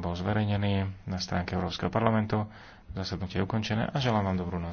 bol zverejnený na stránke Európskeho parlamentu. Zasadnutie je ukončené a želám vám dobrú noc.